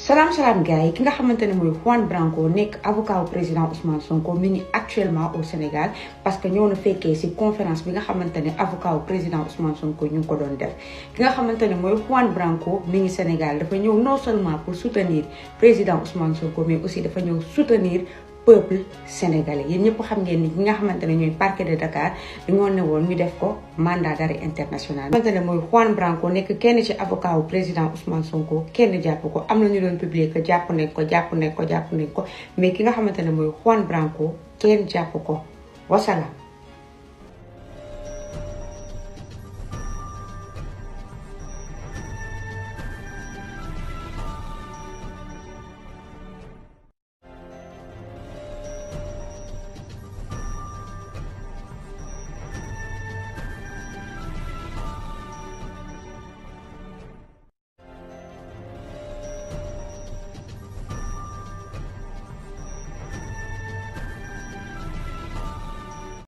salaam salaam gars yi ki nga xamante ne mooy Juan Branco nekk avocat wu président Ousmane Sonko mi ngi actuellement au Sénégal parce que ñoo na fekkee si conférence bi nga xamante ne avocat wu président Ousmane Sonko ñu ngi ko doon def ki nga xamante ne mooy Juan Branco mi ngi Sénégal dafa ñëw non seulement pour soutenir président Ousmane Sonko mais aussi dafa ñëw soutenir peuple sénégalais yéen ñëpp xam ngeen ni ñi nga xamante ne ñooy parquet de Dakar dañoo ne woon ñu def ko mandat d'arrêt international. xamante ne mooy Juan Branco nekk kenn ci avocat wu président Ousmane Sonko kenn jàpp ko am na ñu doon publier que jàpp nañ ko jàpp nañ ko jàpp nañ mais ki nga xamante ne mooy Juan Branco kenn jàpp ko wasalaam.